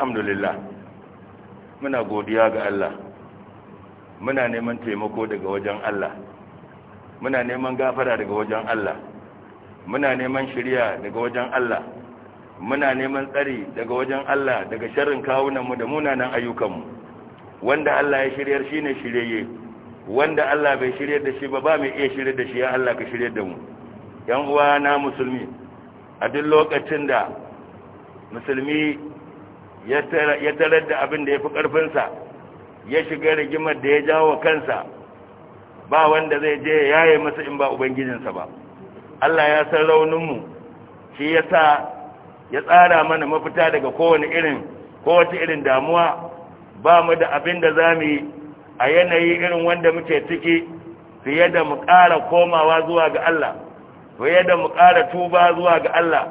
alhamdulillah muna godiya ga Allah muna neman taimako daga wajen Allah muna neman gafara daga wajen Allah muna neman shirya daga wajen Allah muna neman tsari daga wajen Allah daga sharrin kawunanmu da munanan ayyukanmu wanda Allah ya shiryar shine shiryayye wanda Allah bai shiryar da shi ba ba mai iya shiryar da shi ya Allah ka shiryar da mu yan uwa na musulmi a duk lokacin da musulmi ya tarar da abin da ya fi ƙarfinsa ya shiga rigimar da ya jawo kansa ba wanda zai je ya yi masa in ba ubangijinsa ba Allah ya san rauninmu shi ya sa ya tsara mana mafita daga kowane irin kowace irin damuwa ba mu da abin da za mu yi a yanayi irin wanda muke ciki fiye da mu ƙara komawa zuwa ga Allah fiye da mu ƙara tuba zuwa ga Allah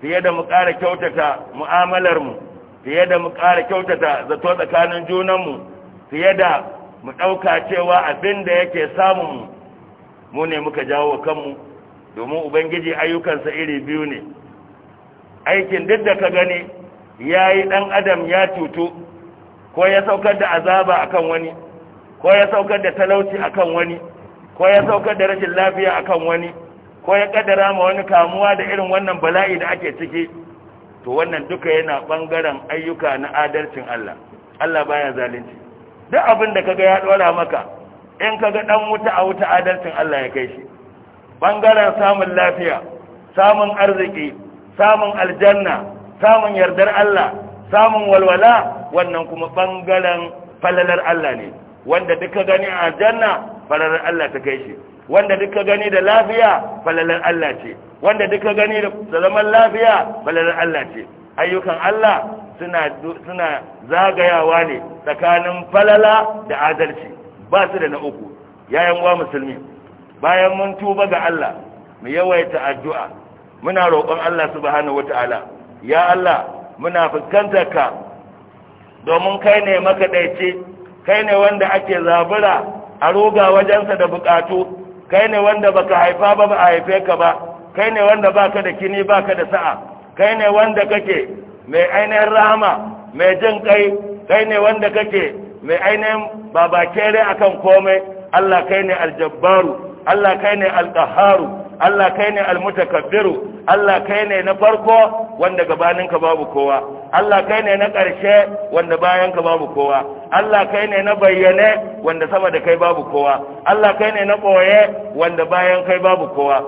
fiye da mu ƙara kyautata mu'amalarmu mu fiye da mu ƙara kyautata zato tsakanin junanmu fiye da mu ɗauka cewa abin da yake samun mu ne muka jawo kanmu domin ubangiji ayyukansa iri biyu ne aikin duk da ka gani ya yi ɗan adam ya cutu ko ya saukar da azaba akan wani ko ya saukar da talauci akan wani ko ya saukar da rashin lafiya akan wani ko ya ƙaddara ma wani kamuwa da irin wannan bala'i da ake ciki to wannan duka yana bangaren ayyuka na adalcin Allah Allah baya zalunci duk abin da kaga ya dora maka in kaga dan wuta a wuta adalcin Allah ya kai shi bangaren samun lafiya samun arziki samun aljanna samun yardar Allah samun walwala wannan kuma bangaren falalar Allah ne wanda duka gani a aljanna falalar Allah ta kai shi wanda duka gani da lafiya falalar Allah ce wanda duka gani da zaman lafiya falalar Allah ce ayyukan Allah suna suna zagayawa ne tsakanin falala da adalci ba su da na uku yayin wa musulmi bayan mun tuba ga Allah mu yawaita addu'a muna roƙon Allah subhanahu wataala ya Allah muna fuskantar ka domin kai ne makaɗaici, kai ne wanda ake zabura a roga wajensa da bukatu kai ne wanda baka haifa ba ba haife ka ba kai ne wanda baka da kini baka da sa'a kai ne wanda kake mai ainihin rahama mai jin kai kai ne wanda kake mai ainihin babakere akan komai Allah kai ne aljabbaru Allah kai ne alqaharu Allah kai ne almutakabbiru Allah kai ne na farko wanda gabaninka babu kowa Allah kai ne na ƙarshe wanda bayan ka babu kowa Allah kai ne na bayyane wanda sama da kai babu kowa Allah kai ne na ɓoye wanda bayan kai babu kowa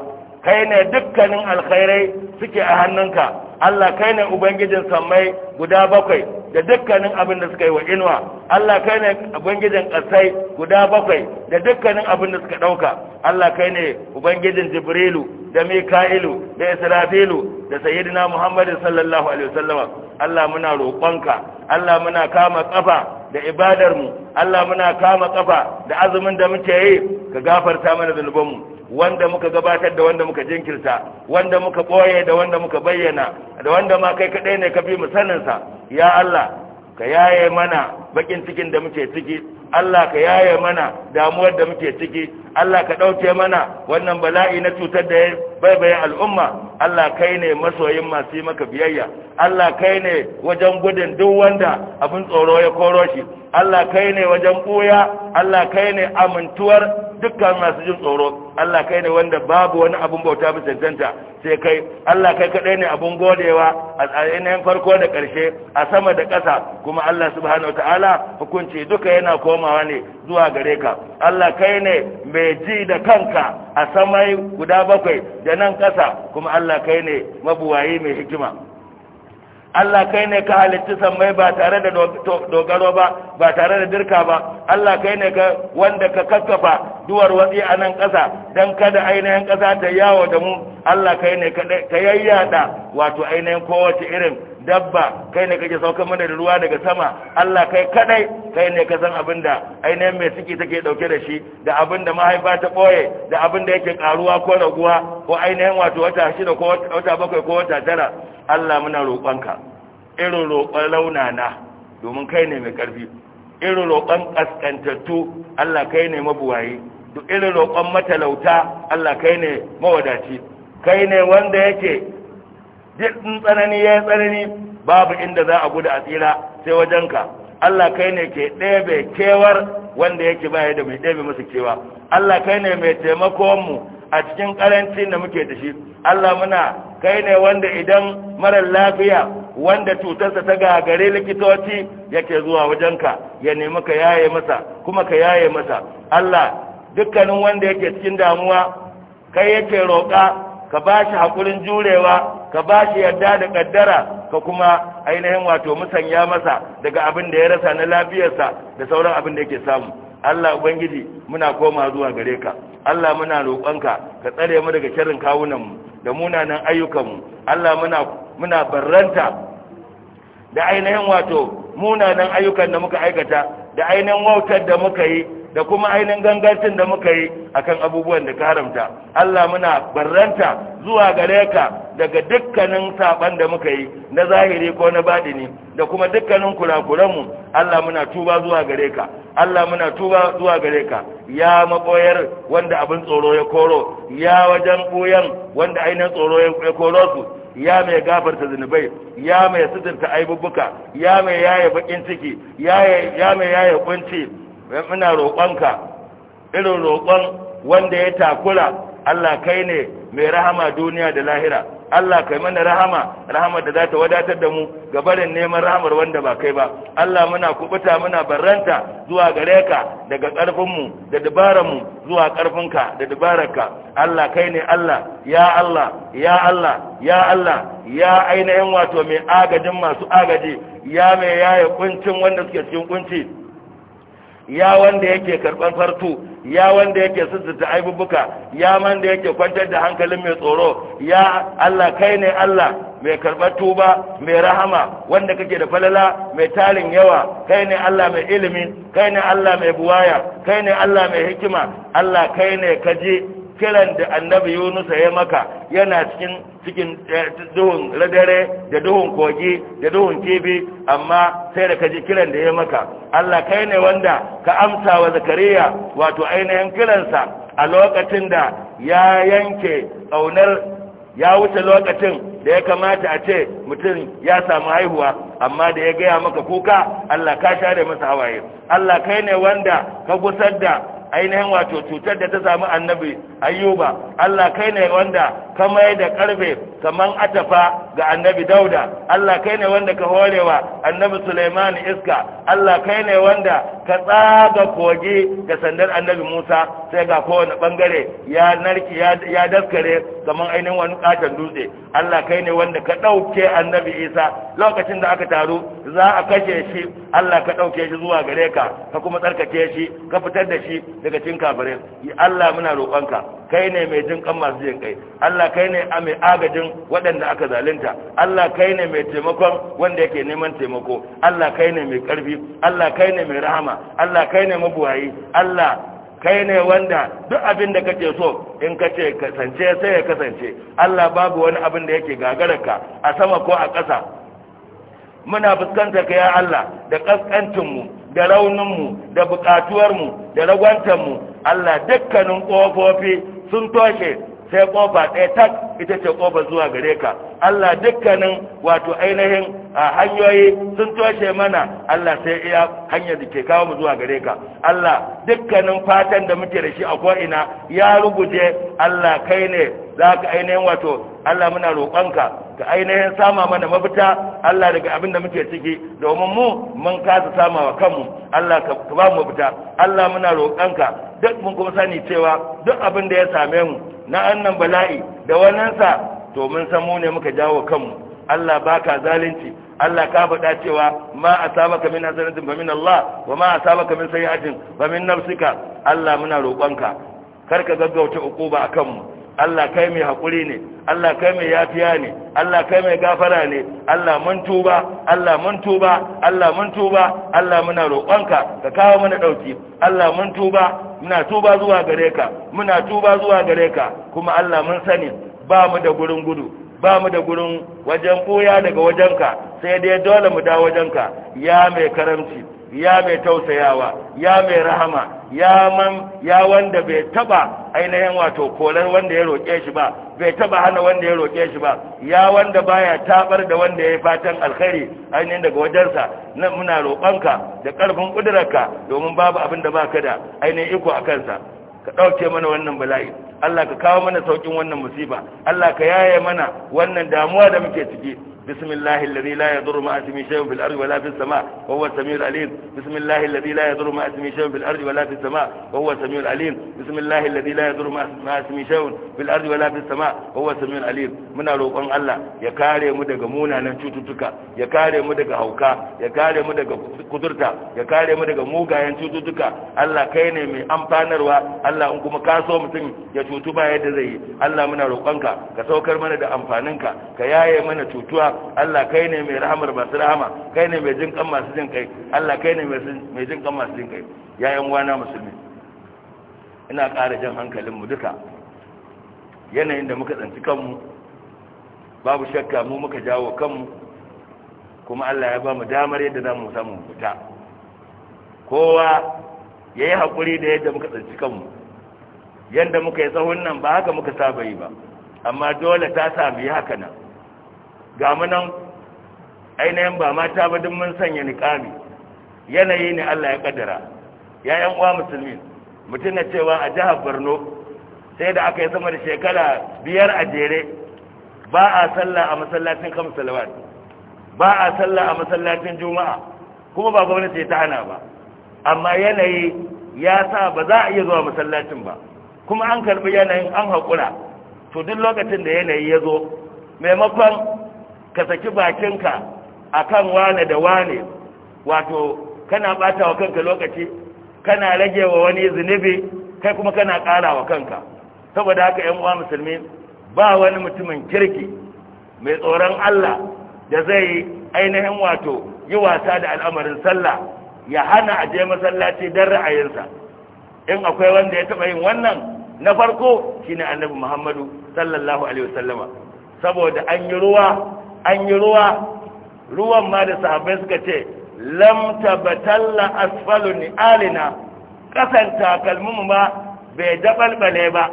kai ne dukkanin alkhairai suke a hannunka Allah kai ne ubangijin sammai guda bakwai da dukkanin abin da suka yi wa inuwa Allah kai ne ubangijin ƙasai guda bakwai da dukkanin abin da suka ɗauka Allah kai ne ubangijin Jibrilu da Mika'ilu da Israfilu da Sayyidina Muhammadu sallallahu alaihi wasallama Allah muna roƙonka Allah muna kama ƙafa da ibadarmu Allah muna kama ƙafa da azumin da muke yi ka gafarta mana zunubanmu wanda muka gabatar da wanda muka jinkirta wanda muka ɓoye da wanda muka bayyana da wanda ma kai kaɗai ne ka fi mu saninsa ya Allah ka yaye mana bakin cikin da muke ciki Allah ka yaye mana damuwar da muke ciki Allah ka ɗauke mana wannan bala'i na cutar da bai baibaye al'umma Allah kai ne masoyin masu yi maka biyayya Allah kai ne wajen gudun duk wanda abin tsoro ya koro shi Allah kai ne wajen ɓuya Allah kai ne amintuwar dukkan masu jin tsoro Allah kai ne wanda babu wani abun bauta bi cancanta sai kai Allah kai kadai ne abun godewa a ainihin farko da karshe a sama da ƙasa kuma Allah subhanahu wataala hukunci duka yana komawa ne zuwa gare ka Allah kai ne mai ji da kanka a samai guda bakwai da nan ƙasa kuma Allah kai ne mabuwayi mai hikima Allah kai ne ka halitta sammai ba tare da dogaro ba ba tare da dirka ba Allah kai ne ka wanda ka kakkafa duwar watsi a nan ƙasa don kada ainihin ƙasa ta yawo da mu Allah kai ne ka yayyada wato ainihin kowace irin dabba kai ne kake sauka mana da ruwa daga sama Allah kai kadai kai ne ka san abin da ainihin mai ciki take dauke da shi da abin da mahaifa ta boye da abin da yake karuwa ko raguwa ko ainihin wato wata shida ko wata bakwai ko wata tara Allah muna roƙonka irin roƙon launana domin kai ne mai ƙarfi irin roƙon ƙasƙantattu Allah kai ne mabuwayi duk irin roƙon matalauta Allah kai ne mawadaci kai ne wanda yake jin tsanani ya tsanani babu inda za a gudu a tsira sai wajenka Allah kai ne ke ɗebe kewar wanda yake baya da mai ɗebe masa kewa Allah kai ne mai taimakonmu a cikin karancin da muke da shi Allah muna kai ne wanda idan marar lafiya wanda cutarsa ta gagare likitoci yake zuwa wajenka ya nemi ka yaye masa kuma ka yaye masa Allah dukkanin wanda yake cikin damuwa kai yake roƙa ka ba shi haƙurin jurewa ka ba shi yarda da ƙaddara ka kuma ainihin wato musanya masa daga abin da ya rasa na lafiyarsa da sauran abin da yake samu Allah Ubangiji muna koma zuwa gare ka Allah muna roƙonka ka tsare mu daga sharrin kawunanmu da munanan ayyukanmu Allah muna muna barranta da ainihin wato munanan ayyukan da muka aikata da ainihin wautar da muka yi da kuma ainihin gangancin da muka yi akan abubuwan da ka haramta Allah muna barranta zuwa gare ka daga dukkanin saban da muka yi na zahiri ko na badini da kuma dukkanin kurakuranmu Allah muna tuba zuwa gare ka Allah muna tuba zuwa gare ka ya makoyar wanda abin tsoro ya koro ya wajen koyan wanda ainihin tsoro ya koro su ya mai gafarta zunubai ya mai suturta aibubuka ya mai yaya bakin ciki ya mai yaya kunci muna roƙonka irin roƙon wanda ya takula. Allah kai ne mai rahama duniya da lahira Allah kai mana rahama rahama da za ta wadatar da mu ga barin neman rahamar wanda ba kai ba Allah muna kubuta muna barranta zuwa gare ka daga ƙarfinmu da dabararmu zuwa ƙarfinka da dabararka Allah kai ne Allah ya Allah ya Allah ya Allah ya ainihin wato mai agajin masu agaji ya mai yaya kuncin wanda suke cikin kunci ya wanda yake karban farto ya wanda yake sissuta aibubuka ya wanda yake kwantar da hankalin mai tsoro ya Allah kai ne Allah mai karbar tuba mai rahama wanda kake da falala mai tarin yawa kai ne Allah mai ilimi kai ne Allah mai buwaya kai ne Allah mai hikima Allah kai ne kaje kiran da annabi Yunus ya maka yana cikin cikin eh, duhun radare da duhun kogi da duhun kibi amma sai da kaji kiran da ya maka Allah kai ne wanda ka amsa wa Zakariya wato ainihin kiransa a lokacin da ya yanke ƙaunar ya wuce lokacin da ya kamata a ce mutum ya samu haihuwa amma da ya gaya maka kuka Allah ka share masa hawaye Allah kai ne wanda ka gusar da ainihin wato cutar da ta samu annabi ayyuba Allah kai ne wanda ka mai da karfe kaman atafa ga annabi dauda Allah kai ne wanda ka horewa annabi Sulaiman iska Allah kai ne wanda ka tsaga kogi ga sandar annabi Musa sai ga kowane bangare ya narki ya daskare kamar ainihin wani katon dutse Allah kai ne wanda ka ɗauke annabi Isa lokacin da aka taru za a kashe shi Allah ka ɗauke shi zuwa gare ka ka kuma tsarkake shi ka fitar da shi daga cikin kafirin Allah muna roƙonka kai ne mai jin kan masu jin kai Allah kai ne mai agajin waɗanda aka zalunta musulunta Allah kai ne mai taimakon wanda yake neman taimako Allah kai ne mai karfi Allah kai ne mai rahama Allah kai ne mabuwayi Allah kai ne wanda duk abin da kake so in ka ce kasance sai ya kasance Allah babu wani abin da yake gagararka a sama ko a ƙasa muna fuskanta ka ya Allah da mu da mu da mu da mu Allah dukkanin kofofi sun toshe sai ƙofa ɗaya tak ita ce ƙofa zuwa gare ka Allah dukkanin wato ainihin a hanyoyi sun toshe mana Allah sai iya hanyar da ke kawo mu zuwa gare ka Allah dukkanin fatan da muke da shi a ko'ina ya ruguje Allah kai ne za ka ainihin wato Allah muna roƙonka ka ainihin sama mana mafita Allah daga abin da muke ciki domin mu mun kasa sama wa kanmu Allah ka ba mu mafita Allah muna roƙonka duk mun kuma sani cewa duk abin da ya same mu na annan bala'i da wannansa to mun san mu ne muka jawo kanmu Allah baka zalunci Allah ka faɗa cewa ma asabaka min hasanatin ba min Allah wa ma asabaka min sayyi'atin ba min nafsika Allah muna roƙonka karka gaggauta uquba akan mu Allah kai mai haƙuri ne Allah kai mai yafiya ne Allah kai mai gafara ne Allah mun tuba Allah mun tuba Allah mun tuba Allah muna roƙonka ka kawo mana ɗauki Allah mun tuba muna tuba zuwa gare ka muna tuba zuwa gare ka kuma Allah mun sani ba mu da gurin gudu ba mu da gurin wajen koya daga wajenka sai dai dole mu da wajenka ya mai karamci ya mai tausayawa ya mai rahama ya man ya wanda bai taba ainihin wato kolar wanda ya roƙe shi ba bai taba hana wanda ya roƙe shi ba ya wanda baya tabar da wanda ya fatan alkhairi ainihin daga wajensa na muna roƙonka da ƙarfin ƙudurarka domin babu abin da baka da ainihin iko a kansa ka ɗauke mana wannan bala'i Allah ka kawo mana saukin wannan musiba Allah ka yaye mana wannan damuwa da muke ciki بسم الله الذي لا يضر مع اسمه شيء في الأرض ولا في السماء وهو السميع العليم بسم الله الذي لا يضر مع اسمه شيء في الأرض ولا في السماء وهو السميع العليم بسم الله الذي لا يضر مع اسمه شيء في ولا في السماء وهو السميع العليم muna roƙon Allah ya kare mu daga munanan cututtuka ya kare mu daga hauka ya kare mu daga kudurta ya kare mu daga mugayen cututtuka Allah kai ne mai amfanarwa Allah in kuma ka so mutum ya cutu ba yadda zai yi Allah muna roƙonka ka saukar mana da amfaninka ka yaye mana cutuwa Allah kai ne mai rahamar masu rahama kai ne mai jin kan masu jin kai Allah kai ne mai jin kan masu jin kai yayin wana musulmi ina ƙara jan hankalinmu duka yanayin da muka tsanci kanmu babu shakka mu muka jawo kanmu kuma Allah ya ba mu damar yadda za mu samu fita kowa ya yi haƙuri da yadda muka tsanci kanmu yadda muka yi tsawon nan ba haka muka saba yi ba amma dole ta sami haka nan ga munan ainihin ba mata ba duk mun sanya niƙami yanayi ne Allah ya ƙadara. ya yan uwa musulmi mutum na cewa a jihar Borno sai da aka yi sama da shekara biyar a jere ba a sallah a masallacin kam salawat ba a sallah a masallacin juma'a kuma ba gwamnati ta hana ba amma yanayi ya sa ba za a iya zuwa masallacin ba kuma an karbi yanayin an haƙura to duk lokacin da yanayi ya zo maimakon ka saki bakinka a kan wane da wane wato kana bata wa kanka lokaci kana rage wa wani zunubi kai kuma kana kara wa kanka saboda haka yan uwa musulmi ba wani mutumin kirki mai tsoron Allah da zai yi ainihin wato yi wasa da al'amarin sallah ya hana a je masallaci don ra'ayinsa in akwai wanda ya taba yin wannan na farko shine annabi muhammadu sallallahu alaihi wasallama saboda an yi ruwa an yi ruwa ruwan ma da sahabai suka ce lam tabatalla asfalu ni alina kasan takalmin ma bai dabalbale ba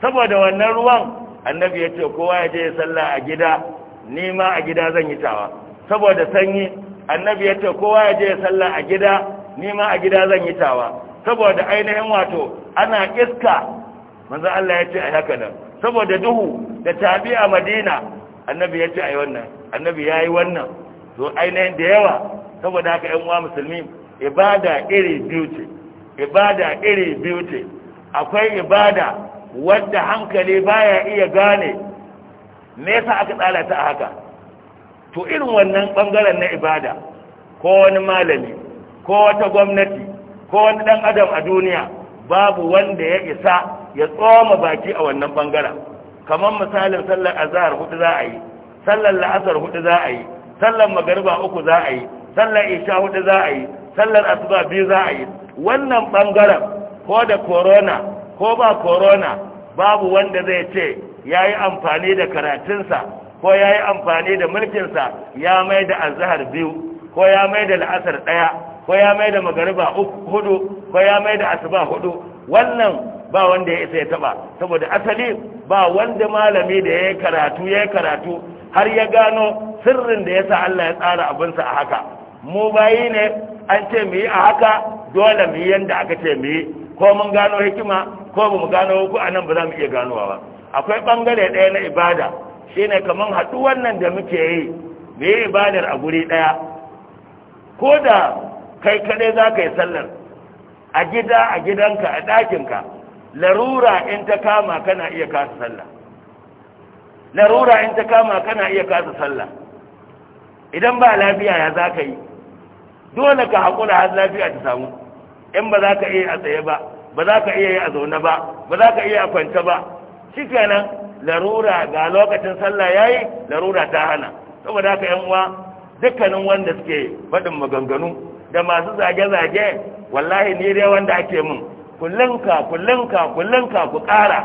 saboda wannan ruwan annabi ya ce kowa ya je ya salla a gida ni ma a gida zan yi tawa saboda sanyi annabi ya ce kowa ya je ya salla a gida ni ma a gida zan yi tawa saboda ainihin wato ana iska manzo Allah ya ce a haka nan saboda duhu da tabi'a a Madina annabi ya ce a wannan annabi ya yi wannan to ainihin da yawa saboda haka yan uwa musulmi ibada iri biyu ce ibada iri biyu ce akwai ibada wadda hankali baya iya gane me yasa aka tsara ta haka to irin wannan bangaren na ibada ko wani malami ko wata gwamnati ko wani ɗan adam a duniya babu wanda ya isa ya tsoma baki a wannan bangaren kamar misalin sallar azhar hudu za a yi sallar la'asar hudu za a yi sallar magariba uku za a yi sallar isha hudu za a yi sallar asuba biyu za a yi wannan bangaren ko da corona ko ba corona babu wanda zai ce ya yi amfani da karatunsa ko ya yi amfani da mulkinsa ya mai da azhar biyu ko ya mai da la'asar ɗaya ko ya mai da magariba hudu ko ya mai da asuba hudu wannan ba wanda ya isa ya taba saboda asali ba wanda malami da ya karatu ya karatu har ya gano sirrin da yasa Allah ya tsara sa a haka mu bayi ne an ce mu yi a haka dole mu yi yanda aka ce mu yi ko mun gano hikima ko ba mu gano ko anan ba za mu iya ganowa ba akwai bangare ɗaya na ibada shine kaman haɗu wannan da muke yi mu ibadar a guri ɗaya ko da kai kaɗai za ka yi sallar a gida a gidanka a ɗakinka larura in ta kama kana iya kasa sallah larura in ta kama kana iya kasa sallah idan ba lafiya ya zaka yi dole ka haƙura har lafiya ta samu in ba za ka iya a tsaye ba ba za ka iya yi a zaune ba ba za ka iya a kwance ba shi kenan larura ga lokacin sallah yayi larura ta hana saboda haka yan uwa dukkanin wanda suke faɗin maganganu da masu zage-zage wallahi ni dai wanda ake mun kullanka kullanka kullanka ku ƙara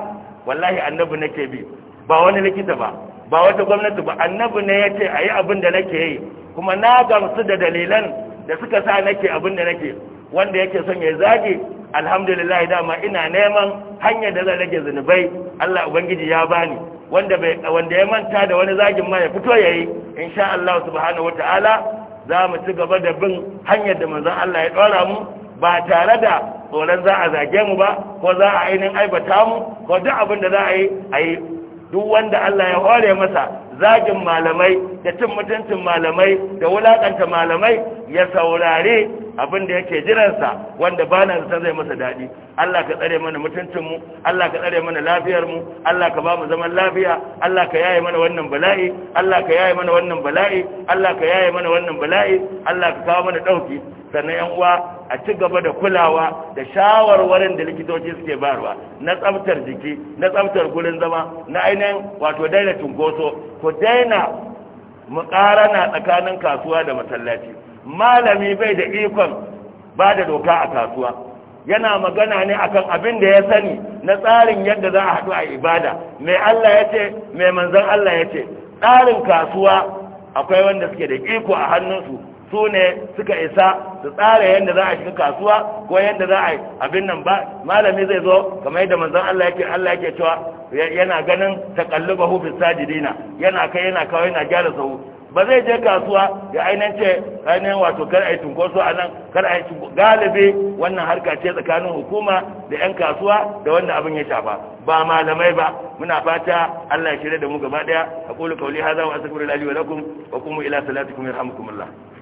wallahi annabi nake bi ba wani likita ba ba wata gwamnati ba annabi ne ya ce a yi abin da nake yi kuma na gamsu da dalilan da suka sa nake abin da nake wanda yake son ya zage alhamdulillah dama ina neman hanyar da zan rage zunubai Allah ubangiji ya bani wanda bai wanda ya manta da wani zagin ma ya fito yayi insha Allah subhanahu wataala za mu ci gaba da bin hanyar da manzon Allah ya dora mu ba tare da tsoron za a zage mu ba ko za a ainihin aibata mu ko duk abin da za a yi a yi duk wanda Allah ya hore masa zagin malamai da cin mutuncin malamai da wulaƙanta malamai ya saurare abin da yake jiransa wanda ba na zata zai masa daɗi Allah ka tsare mana mutuncinmu Allah ka tsare mana lafiyarmu Allah ka ba mu zaman lafiya Allah ka yaye mana wannan bala'i Allah ka yaye mana wannan bala'i Allah ka yaye mana wannan bala'i Allah ka kawo mana ɗauki sannan yan uwa a ci gaba da kulawa da shawarwarin da likitoci suke bayarwa na tsaftar jiki na tsaftar gurin zama na ainihin wato daina cunkoso ku daina mukarana tsakanin kasuwa da masallaci malami bai da ikon ba da doka a kasuwa yana magana ne akan abin da ya sani na tsarin yadda za a haɗu a ibada mai Allah ya ce mai manzan Allah ya ce tsarin kasuwa akwai wanda suke da iko a hannunsu su ne suka isa su tsara yadda za a shiga kasuwa ko yadda za a yi abin nan ba malami zai zo kamar yadda manzan Allah yake Allah yake cewa yana ganin taqallubahu fi sajidina yana kai yana kawo yana gyara sahu ba zai je kasuwa ya ainihin ce ainihin wato kar a yi tunkoso a nan kar a yi galibi wannan harka ce tsakanin hukuma da 'yan kasuwa da wanda abin ya shafa ba malamai ba muna fata Allah ya shirya da mu gaba daya aqulu kauli hadha wa astaghfirullahi wa lakum wa qumu ila salatikum yarhamukumullah